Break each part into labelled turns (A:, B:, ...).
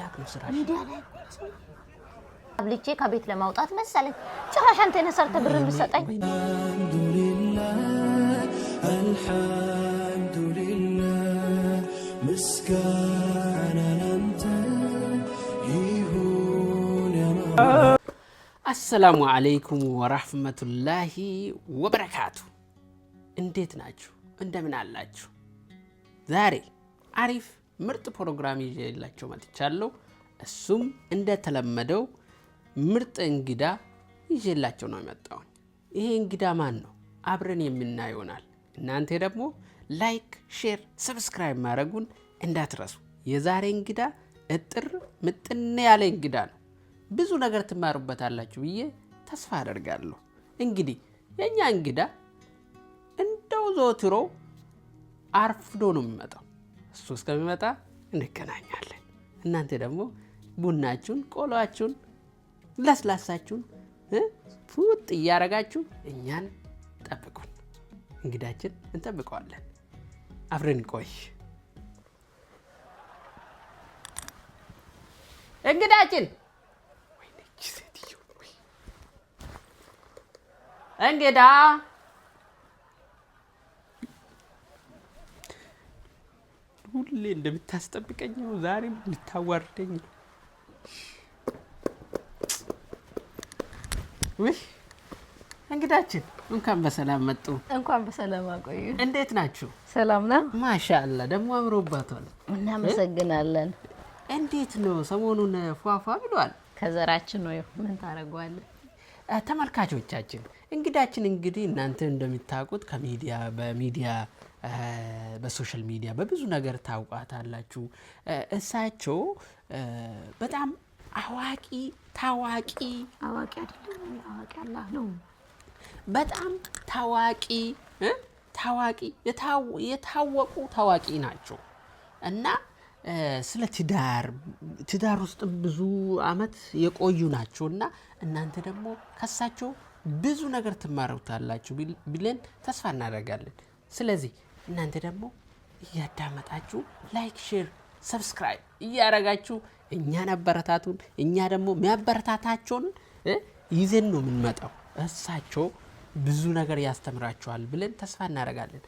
A: ታላቅ ነው ስራሽ። አብልቼ ከቤት ለማውጣት መሰለኝ ጭራሽ አንተ ነህ ሰርተህ ብር የምትሰጠኝ። አልሐምዱሊላህ ምስጋና ላንተ ይሁን። አሰላሙ አለይኩም ወራህመቱላሂ ወበረካቱ። እንዴት ናችሁ? እንደምን አላችሁ? ዛሬ አሪፍ ምርጥ ፕሮግራም ይዤላቸው መጥቻለሁ። እሱም እንደተለመደው ምርጥ እንግዳ ይዤላቸው ነው የመጣሁኝ። ይሄ እንግዳ ማን ነው? አብረን የምና ይሆናል። እናንተ ደግሞ ላይክ፣ ሼር፣ ሰብስክራይብ ማድረጉን እንዳትረሱ። የዛሬ እንግዳ እጥር ምጥን ያለ እንግዳ ነው። ብዙ ነገር ትማሩበታላችሁ ብዬ ተስፋ አደርጋለሁ። እንግዲህ የእኛ እንግዳ እንደው ዘወትሮ አርፍዶ ነው የሚመጣው። እሱ እስከሚመጣ እንገናኛለን። እናንተ ደግሞ ቡናችሁን፣ ቆሏችሁን፣ ለስላሳችሁን ፉጥ እያረጋችሁ እኛን ጠብቁን። እንግዳችን እንጠብቀዋለን። አብረን ቆይ እንግዳችን እንግዳ ሁሌ እንደምታስጠብቀኝ ነው። ዛሬም ልታዋርደኝ ውይ እንግዳችን እንኳን በሰላም መጡ።
B: እንኳን በሰላም አቆዩ።
A: እንዴት ናችሁ? ሰላም ነው። ማሻአላ ደግሞ አምሮባቷል።
B: እናመሰግናለን።
A: እንዴት ነው ሰሞኑን? ፏፏ ብሏል።
B: ከዘራችን ነው። ምን ታደርገዋለን?
A: ተመልካቾቻችን እንግዳችን እንግዲህ እናንተ እንደሚታውቁት ከሚዲያ በሚዲያ በሶሻል ሚዲያ በብዙ ነገር ታውቋታላችሁ። እሳቸው በጣም አዋቂ ታዋቂ
B: አዋቂ አዋቂ አላህ ነው።
A: በጣም ታዋቂ ታዋቂ የታወቁ ታዋቂ ናቸው እና ስለ ትዳር ትዳር ውስጥ ብዙ አመት የቆዩ ናቸው እና እናንተ ደግሞ ከሳቸው ብዙ ነገር ትማረውታላችሁ ብለን ተስፋ እናደርጋለን። ስለዚህ እናንተ ደግሞ እያዳመጣችሁ ላይክ፣ ሼር፣ ሰብስክራይብ እያረጋችሁ እኛን አበረታቱን። እኛ ደግሞ የሚያበረታታቸውን ይዘን ነው የምንመጣው። እሳቸው ብዙ ነገር ያስተምራቸዋል ብለን ተስፋ እናደርጋለን።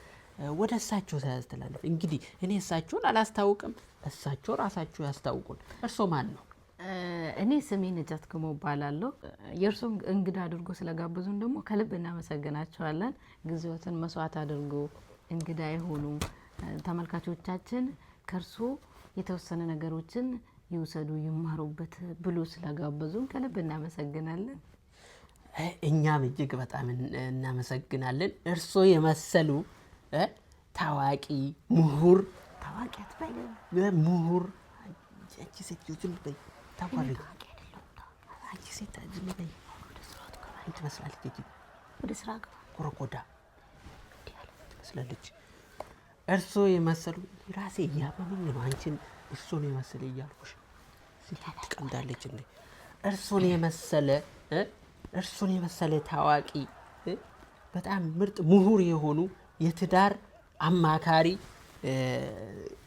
A: ወደ እሳቸው ሳያስተላልፍ እንግዲህ እኔ እሳቸውን አላስታውቅም፣ እሳቸው ራሳቸው ያስታውቁን። እርሶ ማን ነው?
B: እኔ ስሜ ነጃት ክሞ እባላለሁ። የእርሶ እንግዳ አድርጎ ስለጋብዙን ደግሞ ከልብ እናመሰግናቸዋለን። ጊዜዎትን መስዋዕት አድርጎ እንግዳ የሆኑ ተመልካቾቻችን ከእርሶ የተወሰነ ነገሮችን ይውሰዱ፣ ይማሩበት ብሎ ስለጋበዙን ከልብ እናመሰግናለን።
A: እኛም እጅግ በጣም እናመሰግናለን። እርሶ የመሰሉ ታዋቂ ምሁር ታዋቂ ምሁር ወደ ስራ ኮረኮዳ ትመስላለች። እርሶ የመሰሉ ራሴ እያመመኝ ነው። አንቺን እርሶን የመሰለ እያልኩሽ ትቀምጣለች እንዴ! እርሶን የመሰለ እርሱን የመሰለ ታዋቂ በጣም ምርጥ ምሁር የሆኑ የትዳር አማካሪ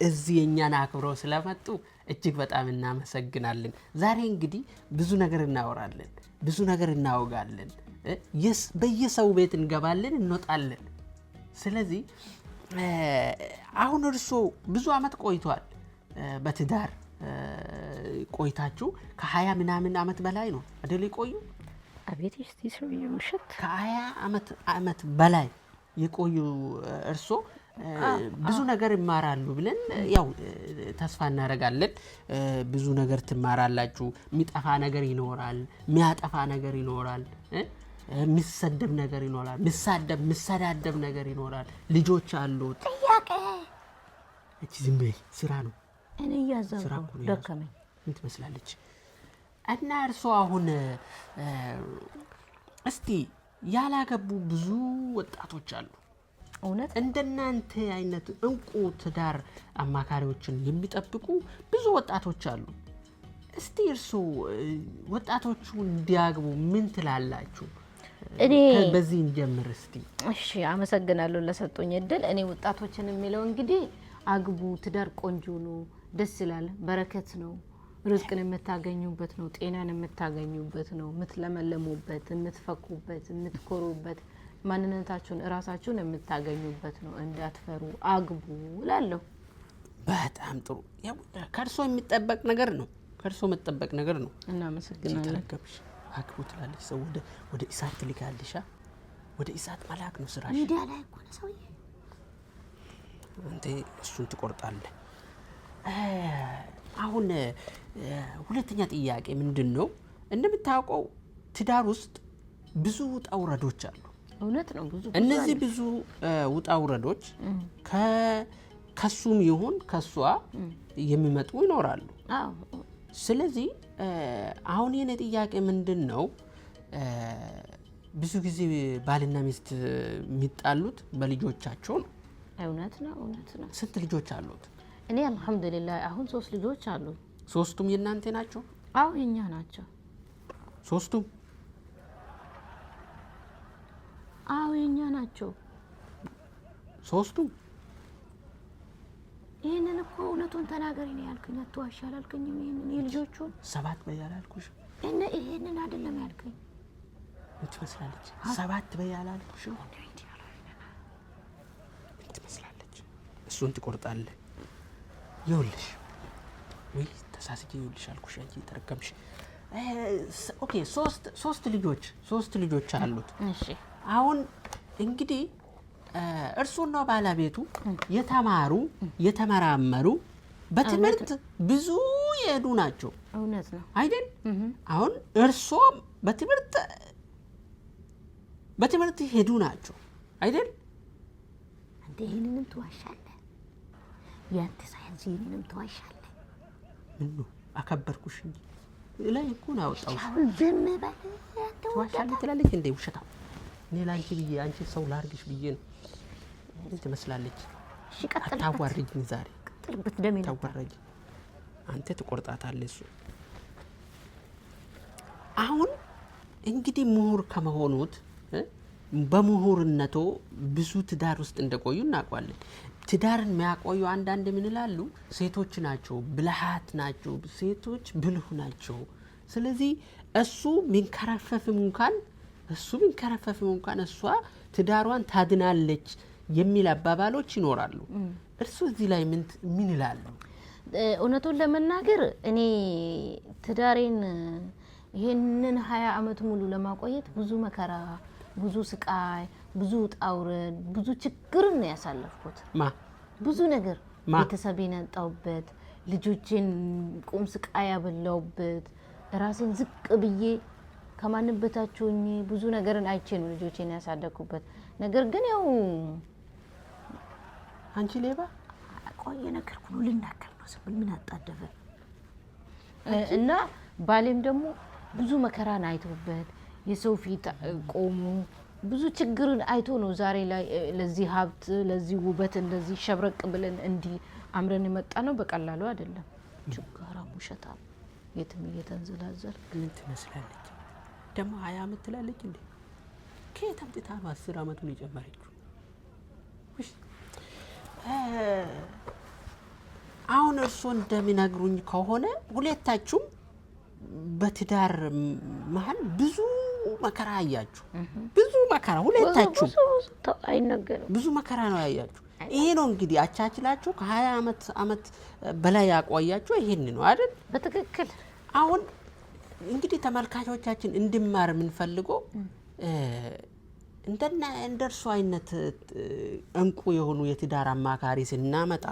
A: እዚህ የእኛን አክብረው ስለመጡ እጅግ በጣም እናመሰግናለን። ዛሬ እንግዲህ ብዙ ነገር እናወራለን፣ ብዙ ነገር እናወጋለን። በየሰው ቤት እንገባለን፣ እንወጣለን። ስለዚህ አሁን እርሶ ብዙ ዓመት ቆይቷል። በትዳር ቆይታችሁ ከሀያ ምናምን ዓመት በላይ ነው አደል የቆዩ?
B: አቤት ምሽት
A: ከሀያ ዓመት በላይ የቆዩ እርሶ ብዙ ነገር ይማራሉ ብለን ያው ተስፋ እናደርጋለን። ብዙ ነገር ትማራላችሁ። የሚጠፋ ነገር ይኖራል፣ የሚያጠፋ ነገር ይኖራል። የሚሰደብ ነገር ይኖራል። ምሳደብ ምሰዳደብ ነገር ይኖራል። ልጆች አሉት። ጥያቄ እቺ ዝም በይ ስራ ነው።
B: እኔ እያዘንኩ
A: ደከመኝ። ምን ትመስላለች? እና እርሶ አሁን እስቲ ያላገቡ ብዙ ወጣቶች አሉ። እውነት እንደናንተ አይነት እንቁ ትዳር አማካሪዎችን የሚጠብቁ ብዙ ወጣቶች አሉ። እስቲ እርሶ ወጣቶቹ እንዲያግቡ ምን ትላላችሁ? እኔ በዚህ እንጀምር እስቲ።
B: እሺ አመሰግናለሁ ለሰጡኝ እድል። እኔ ወጣቶችን የሚለው እንግዲህ አግቡ፣ ትዳር ቆንጆ ነው፣ ደስ ይላል፣ በረከት ነው፣ ርዝቅን የምታገኙበት ነው፣ ጤናን የምታገኙበት ነው፣ የምትለመለሙበት፣ የምትፈኩበት፣ የምትኮሩበት፣ ማንነታችሁን እራሳችሁን የምታገኙበት ነው። እንዳትፈሩ አግቡ እላለሁ።
A: በጣም ጥሩ። ከእርሶ የሚጠበቅ ነገር ነው። ከእርሶ መጠበቅ ነገር ነው።
B: እናመሰግናለን።
A: አግቡ ትላለች። ሰው ወደ ወደ ኢሳት ትልካለሽ። ወደ ኢሳት መላክ ነው ስራሽ።
B: ሚዲያ ላይ እኮ ነው ሰውዬ።
A: አንተ እሱን ትቆርጣለህ። አሁን ሁለተኛ ጥያቄ ምንድን ነው? እንደምታውቀው ትዳር ውስጥ ብዙ ውጣ ውረዶች አሉ።
B: እውነት ነው። ብዙ
A: እነዚህ ብዙ ውጣ ውረዶች ከሱም ይሁን ከሷ የሚመጡ ይኖራሉ። ስለዚህ አሁን የኔ ጥያቄ ምንድን ነው፣ ብዙ ጊዜ ባልና ሚስት የሚጣሉት በልጆቻቸው ነው።
B: እውነት ነው፣ እውነት ነው።
A: ስንት ልጆች አሉት?
B: እኔ አልሐምዱሊላህ አሁን ሶስት ልጆች አሉ።
A: ሶስቱም የእናንተ ናቸው?
B: አዎ የኛ ናቸው ሶስቱም። አዎ የኛ ናቸው ሶስቱም ይህንን እኮ እውነቱን ተናገሪ ነው ያልከኝ። አትዋሽ አላልከኝም። ይህንን የልጆቹን
A: ሰባት በይ አላልኩሽ?
B: እነ ይህንን አይደለም ያልከኝ።
A: ምን ትመስላለች? ሰባት በይ አላልኩሽ? ምን ትመስላለች? እሱን ትቆርጣለህ። ይኸውልሽ ወይ ተሳስቼ ይኸውልሽ አልኩሽ። አንቺ ተረከምሽ። ኦኬ ሶስት ሶስት ልጆች ሶስት ልጆች አሉት። አሁን እንግዲህ እርሱና ባለቤቱ የተማሩ የተመራመሩ በትምህርት ብዙ የሄዱ ናቸው። እውነት ነው አይደል? አሁን እርሶም በትምህርት በትምህርት ሄዱ ናቸው አይደል?
B: አንተ ይህንንም ትዋሻለህ፣ የአንተ ሳያንስ ይህንንም ትዋሻለህ።
A: ምኑ አከበርኩሽ እንጂ ላይ እኮ ነው አወጣሁሽ። ትዋሻለህ ትላለች እንደ ውሸታም እኔ ላንቺ ብዬ አንቺ ሰው ላርግሽ ብዬ ነው። ምን ትመስላለች? አታዋርጅኝ፣ ዛሬ ታዋረጅ። አንተ ትቆርጣታለህ። እሱ አሁን እንግዲህ ምሁር ከመሆኑት በምሁርነቶ ብዙ ትዳር ውስጥ እንደቆዩ እናውቀዋለን። ትዳርን የሚያቆዩ አንዳንድ ምን ይላሉ? ሴቶች ናቸው፣ ብልሃት ናቸው፣ ሴቶች ብልሁ ናቸው። ስለዚህ እሱ ሚንከረፈፍም እንኳን እሱ ቢንከረፈፍም እንኳን እሷ ትዳሯን ታድናለች የሚል አባባሎች ይኖራሉ። እርሱ እዚህ ላይ ምን ይላሉ?
B: እውነቱን ለመናገር እኔ ትዳሬን ይህንን ሀያ አመት ሙሉ ለማቆየት ብዙ መከራ፣ ብዙ ስቃይ፣ ብዙ ውጣ ብዙ ችግርን ነው ያሳለፍኩት። ብዙ ነገር ቤተሰቤን ያጣሁበት፣ ልጆቼን ቁም ስቃይ ያበላውበት፣ ራሴን ዝቅ ብዬ ከማንም በታች ሆኜ ብዙ ነገርን አይቼ ነው ልጆቼን ያሳደግኩበት። ነገር ግን ያው አንቺ ሌባ ቆየ ነገር ሁሉ ልናገር ነው ስብል ምን አጣደፈ እና ባሌም ደግሞ ብዙ መከራን አይቶበት የሰው ፊት ቆሙ ብዙ ችግርን አይቶ ነው ዛሬ ላይ ለዚህ ሀብት ለዚህ ውበት እንደዚህ ሸብረቅ ብለን እንዲህ አምረን የመጣ ነው። በቀላሉ አይደለም። ችጋራ ሙሸታ የትም እየተንዘላዘል
A: ምን ትመስላለች ደግሞ ሀያ አመት ትላለች እንዴ? ከየት አምጥታ ነው አስር አመቱን የጨመረችው? አሁን እርስዎ እንደሚነግሩኝ ከሆነ ሁለታችሁም በትዳር መሀል ብዙ መከራ አያችሁ። ብዙ መከራ ሁለታችሁ ብዙ መከራ ነው ያያችሁ። ይሄ ነው እንግዲህ አቻችላችሁ ከሀያ አመት አመት በላይ ያቆያችሁ። ይሄን ነው አይደል? በትክክል አሁን እንግዲህ ተመልካቾቻችን እንድማር የምንፈልገው እንደና እንደርሱ አይነት እንቁ የሆኑ የትዳር አማካሪ ስናመጣ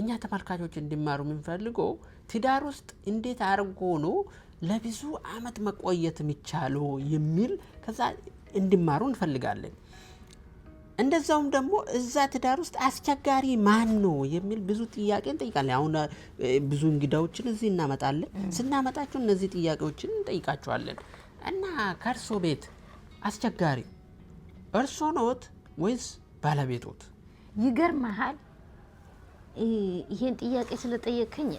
A: እኛ ተመልካቾች እንዲማሩ የምንፈልገው ትዳር ውስጥ እንዴት አድርጎ ነው ለብዙ አመት መቆየት የሚቻለው የሚል ከዛ እንዲማሩ እንፈልጋለን። እንደዛውም ደግሞ እዛ ትዳር ውስጥ አስቸጋሪ ማን ነው የሚል ብዙ ጥያቄ እንጠይቃለን። አሁን ብዙ እንግዳዎችን እዚህ እናመጣለን። ስናመጣቸው እነዚህ ጥያቄዎችን እንጠይቃቸዋለን እና ከእርሶ ቤት አስቸጋሪ እርሶ ኖት ወይስ ባለቤቶት?
B: ይገርመሃል፣ ይሄን ጥያቄ ስለጠየቅኝ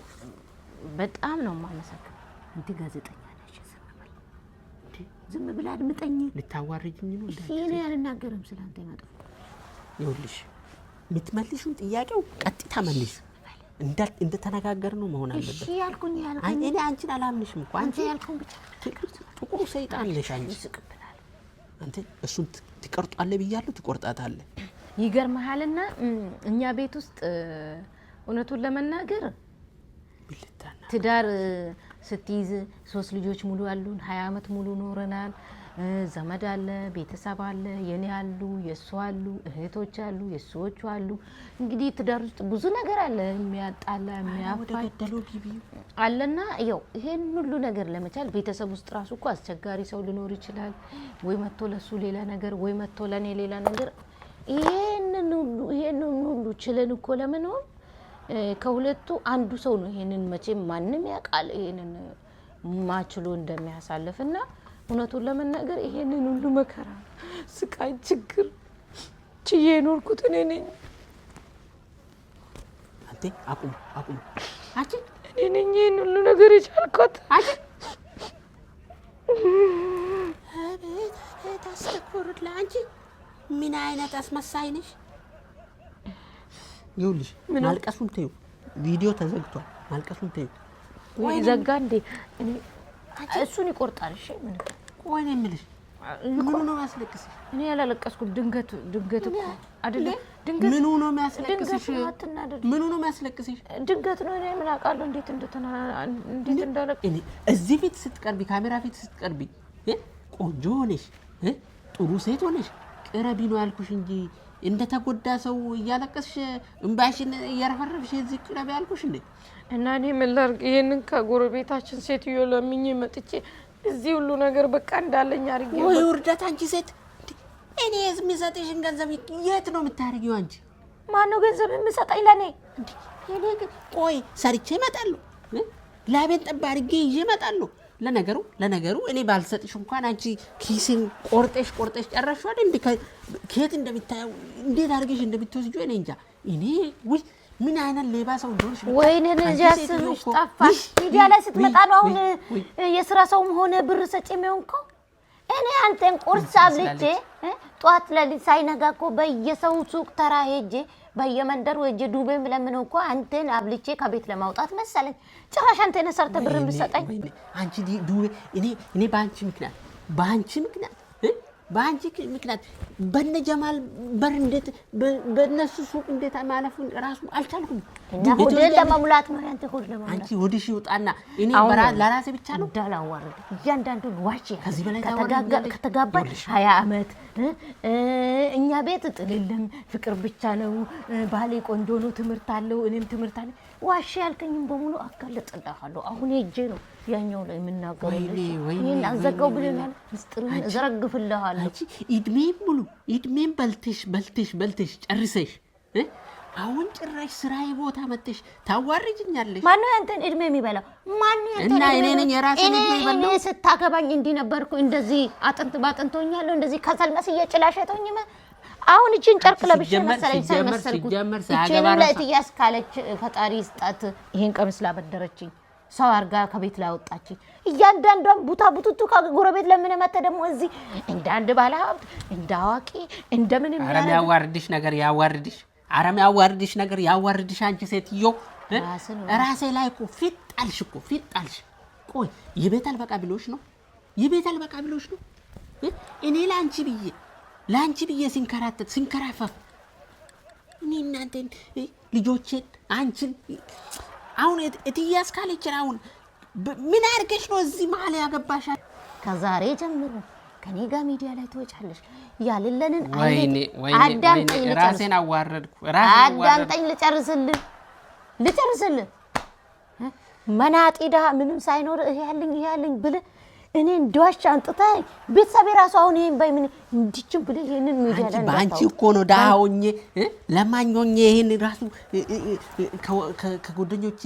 B: በጣም ነው የማመሰግነው። እንዲ ጋዜጠኛ ዝም ብላ አድምጠኝ።
A: ልታዋርጅኝ ነው?
B: ይሄ አልናገርም ስለ አንተ
A: ይኸውልሽ የምትመልሺውን ጥያቄው ቀጥታ መልሽ። እንደተነጋገር ነው መሆን አለበት። እኔ አንቺን አላምንሽም እኮ አንቺ ጥቁሩ ሰይጣን ነሽ አንቺ። አንተ እሱን ትቀርጧለህ ብያለሁ፣ ትቆርጣታለህ።
B: ይገርመሃልና እኛ ቤት ውስጥ እውነቱን ለመናገር ትዳር ስትይዝ ሶስት ልጆች ሙሉ አሉን፣ ሀያ አመት ሙሉ ኖረናል። ዘመድ አለ፣ ቤተሰብ አለ፣ የኔ አሉ፣ የእሱ አሉ፣ እህቶች አሉ፣ የእሱዎቹ አሉ። እንግዲህ ትዳር ውስጥ ብዙ ነገር አለ፣ የሚያጣላ የሚያፋጅ አለና ያው ይሄን ሁሉ ነገር ለመቻል ቤተሰብ ውስጥ ራሱ እኮ አስቸጋሪ ሰው ሊኖር ይችላል። ወይ መቶ ለሱ ሌላ ነገር፣ ወይ መቶ ለእኔ ሌላ ነገር። ይሄንን ሁሉ ይሄንን ሁሉ ችለን እኮ ለመኖር ከሁለቱ አንዱ ሰው ነው። ይሄንን መቼም ማንም ያውቃል ይሄንን ማችሎ እንደሚያሳልፍና እውነቱን ለመናገር ይሄንን ሁሉ መከራ፣ ስቃይ፣ ችግር ችዬ የኖርኩት እኔ ነኝ።
A: አንቴ አቁም አቁም።
B: አንቺ እኔ ነኝ ይህን ሁሉ ነገር የቻልኩት። አንቺ አቤት አቤት፣ አስተኩሩት ለአንቺ ምን አይነት አስመሳይ ነሽ?
A: ይኸውልሽ ማልቀሱን ተይው። ቪዲዮ ተዘግቷል። ማልቀሱን ተይው።
B: ወይ ዘጋ እንዴ? እሱን ይቆርጣል። እሺ ምን
A: ወይኔ የምልሽ ምኑ ነው የሚያስለቅስሽ?
B: እኔ ያላለቀስኩት ድንገት ድንገት እኮ
A: አይደለም። ድንገት ምኑ ነው የሚያስለቅስሽ? ምኑ ነው የሚያስለቅስሽ?
B: ድንገት ነው። እኔ ምን አውቃለሁ እንዴት እንደተና እንዴት
A: እንዳለቅ እኔ እዚህ ፊት ስትቀርቢ፣ ካሜራ ፊት ስትቀርቢ ቆንጆ ሆነሽ ጥሩ ሴት ሆነሽ ቅረቢ ነው ያልኩሽ እንጂ እንደተጎዳ ሰው እያለቀስሽ እምባሽን እያረፈረፍሽ እዚህ ቅረቢ ያልኩሽ እንዴ።
B: እና እኔ ምን ላድርግ? ይህንን ከጎረቤታችን ሴትዮ ለምኜ መጥቼ እዚህ ሁሉ ነገር በቃ እንዳለኝ አድርጌ
A: ወይ ውርደት! አንቺ ሴት እኔ የሚሰጥሽን ገንዘብ የት ነው የምታደርጊው? አንቺ
B: ማን ነው ገንዘብ የምሰጠኝ ለእኔ?
A: ቆይ ሰርቼ እመጣለሁ፣ ላቤን ጠብ አድርጌ ይዤ እመጣለሁ። ለነገሩ ለነገሩ እኔ ባልሰጥሽ እንኳን አንቺ ኪስን ቆርጠሽ ቆርጤሽ ጨረሻል። ከየት እንደሚታየው እንዴት አድርገሽ እንደምትወስጂው እኔ እንጃ እኔ ውይ ምን አይነት ሌባ ሰው እንደሆንሽ
B: ወይኔ! እዚያ ስምሽ ጠፋ። ሚዲያ ላይ ስትመጣ ነው አሁን የስራ ሰውም ሆነ ብር ሰጪ የሚሆንከው። እኔ አንተን ቁርስ አብልቼ ጠዋት ለሊት ሳይነጋ እኮ በየሰው ሱቅ ተራ ሄጄ በየመንደሩ ሄጄ ዱቤ የምለምነው እኮ አንተን አብልቼ ከቤት ለማውጣት መሰለኝ። ጭራሽ አንተን ሰርተህ ብር የምትሰጠኝ
A: አንቺ ዱቤ። እኔ በአንቺ ምክንያት በአንቺ ምክንያት በአንቺ ምክንያት በነ ጀማል በር እንዴት በነሱ ሱቅ እንዴት ማለፉ ራሱ አልቻልኩም።
B: ሆዴን ለመሙላት ነው ያንተ ሆድ ለመሙላት
A: አንቺ ሆድሽ ይውጣና እኔ ለራሴ ብቻ ነው
B: እንዳላዋርድ እያንዳንዱን ዋች ከዚህ በላይ ከተጋባን ሀያ ዓመት እኛ ቤት ጥልልም ፍቅር ብቻ ነው። ባሌ ቆንጆ ነው፣ ትምህርት አለው፣ እኔም ትምህርት አለ ዋሽ ያልከኝም በሙሉ አጋለጥልሃለሁ። አሁን ሄጄ ነው ያኛው ላይ የምናገረው። ይህን አዘጋው ብለናል። ምስጢሩን እዘረግፍልሃለሁ።
A: እድሜም ሙሉ እድሜም በልተሽ በልተሽ በልተሽ ጨርሰሽ አሁን ጭራሽ ስራዬ ቦታ መጥተሽ ታዋርጅኛለሽ።
B: ማነው ያንተን እድሜ የሚበላው? ማነው
A: እና እኔ ነኝ
B: ስታገባኝ እንዲህ ነበርኩ፣ እንደዚህ አጥንት ባጥንቶኛለሁ፣ እንደዚህ ከሰልመስዬ ጭላሸቶኝ አሁን እችን ጨርቅ ለብሼ
A: መሰለኝ ሳይመሰልኩት
B: እችንም ለእትያስ ካለች ፈጣሪ ስጣት። ይሄን ቀሚስ ላበደረችኝ ሰው አርጋ ከቤት ላወጣችኝ። እያንዳንዷን ቡታ ቡቱቱ ከጎረቤት ለምን መተ ደግሞ እዚህ እንደ አንድ ባለ ሀብት እንደ አዋቂ እንደምን
A: ያዋርድሽ ነገር ያዋርድሽ አረም ያዋርድሽ ነገር ያዋርድሽ። አንቺ ሴትዮ ራሴ ላይ እኮ ፊት ጣልሽ እኮ ፊት ጣልሽ። ቆይ ይህ አልበቃ ብሎሽ ነው፣ ይህ አልበቃ ብሎሽ ነው። እኔ ለአንቺ ብዬ ለአንቺ ብዬ ሲንከራተት ሲንከራፈፍ እኔ እናንተን ልጆችን አንቺን አሁን እትያስ ካለችን አሁን ምን አድርገሽ ነው እዚህ መሀል ያገባሻል?
B: ከዛሬ ጀምሮ ከኔ ጋር ሚዲያ ላይ ትወጫለሽ። ያልለንን
A: ራሴን አዋረድኩ።
B: አዳምጠኝ ልጨርስልህ ልጨርስልህ መናጢዳ ምንም ሳይኖር ይሄ ያለኝ ይሄ ያለኝ ብልህ እኔ እንደዋሽ አንጥታ ቤተሰብ የራሱ አሁን ይህን ባይ ምን እንዲችም ብለ ይህንን ሚዲያ
A: በአንቺ እኮ ነው ዳሆኜ ለማኞኜ ይህን ራሱ ከጎደኞቼ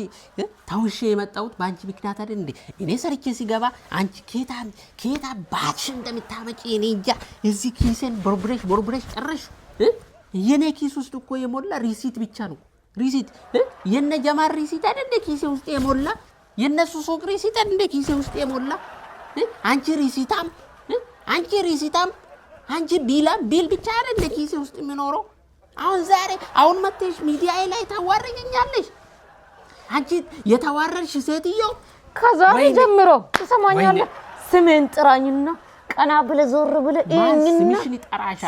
A: ታውሼ የመጣሁት በአንቺ ምክንያት አይደል እንዴ? እኔ ሰርቼ ሲገባ አንቺ ኬታ ኬታ ባትሽ እንደምታመጪ እኔ እንጃ። እዚህ ኪሴን ቦርቡሬሽ ቦርቡሬሽ ጨረሽ። የእኔ ኪስ ውስጥ እኮ የሞላ ሪሲት ብቻ ነው ሪሲት፣ የነ ጀማር ሪሲት አይደል ኪሴ ውስጥ የሞላ የእነሱ ሱቅ ሪሲት አይደል ኪሴ ውስጥ የሞላ አንቺ ሪሲታም፣ አንቺ ሪሲታም፣ አንቺ ቢላ ቢል ብቻ አይደለ ኪሴ ውስጥ የሚኖረው። አሁን ዛሬ አሁን መጥተሽ ሚዲያ ላይ ታዋረገኛለሽ። አንቺ የተዋረድሽ ሴትዮ
B: ከዛሬ ጀምሮ ትሰማኛለህ። ስሜን ጥራኝና ቀና ብለ ዞር ብለ እኔና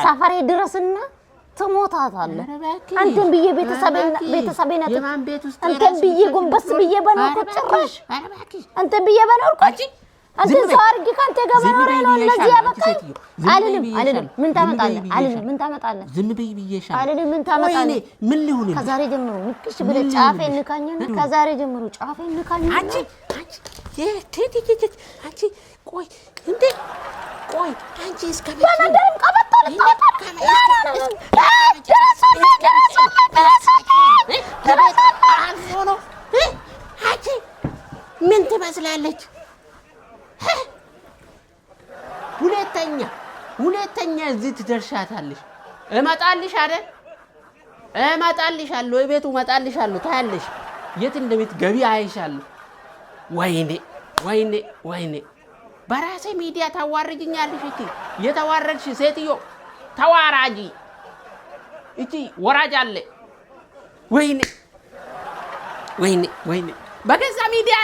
B: ሰፈሬ ድረስና ትሞታታለህ። አንተን ብዬ ቤተሰቤን አንተን ብዬ ጎንበስ ብዬ በኖርኩ ጭራሽ አንተን ብዬ በኖርኩ አንተ ሰው አድርጌ ካንተ ጋር መኖር ነው ለዚህ ያበቃኝ። አልልም አልልም። ምን ታመጣለህ? አልልም ምን ታመጣለህ? ዝም አልልም ምን ታመጣለህ? ምን ሊሆን ነው? ከዛሬ ጀምሮ ንክሽ ብለህ ከዛሬ ጀምሮ
A: አንቺ አንቺ የቴቲ ቴቲ አንቺ ቆይ እንዴ ቆይ አንቺ እስከ
B: በመንደርም ደረሰልኝ ደረሰልኝ ደረሰልኝ
A: ደረሰልኝ አንቺ ምን ትመስላለች? ሁለተኛ ሁለተኛ እዚህ ትደርሻታለሽ። እመጣልሽ አለ እመጣልሻለሁ፣ ቤቱ እመጣልሻለሁ። ታያለሽ፣ የት እንደምትገቢ አይሻለሁ። ወይኔ ወይኔ ወይኔ! በራሴ ሚዲያ ታዋርጅኛለሽ። እቺ የተዋረድሽ ሴትዮ ተዋራጂ፣ እቺ ወራጅ አለ። ወይኔ ወይኔ ወይኔ! በገዛ ሚዲያ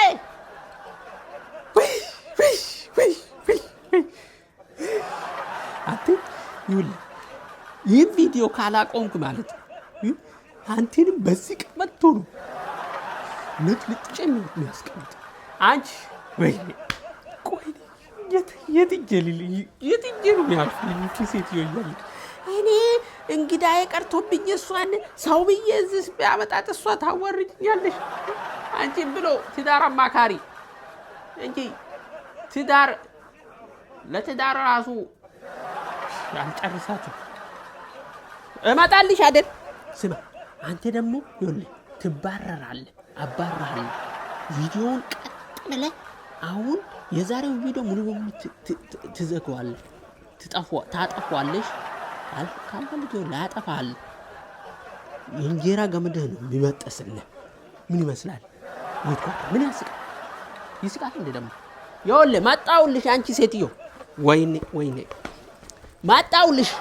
A: አንተ ይኸውልህ ይህን ቪዲዮ ካላቆምክ ማለት ነው አንቴንም በዚህ ቀመጥቶ ነው ነት ልጥጭ የሚያስቀምጥ አንቺ ወይ ቆይ የትዬ ነው ያልኩ ሴትዮ እያለች እኔ እንግዳዬ ቀርቶብኝ እሷን ሰው ብዬ እዚህ ቢያመጣት እሷ ታወርጅኛለሽ። አንቺ ብሎ ትዳር አማካሪ እንጂ ትዳር ለትዳር ራሱ አልጨርሳችሁ እመጣልሽ አይደል? ስማ አንተ ደግሞ ይኸውልህ ትባረራለህ፣ አባረራለሁ። ቪዲዮውን ቀጥ ብለህ አሁን የዛሬው ቪዲዮ ሙሉ በሙሉ ትዘግዋለህ፣ ታጠፏለሽ። ካልፈልግ ላያጠፋል። የእንጀራ ገመድህ ነው የሚበጠስልህ። ምን ይመስላል? ምን ያስቃል? ይስቃል እንደ ደግሞ ይኸውልህ፣ መጣሁልሽ አንቺ ሴትዮ። ወይኔ ወይኔ፣ መጣሁልሽ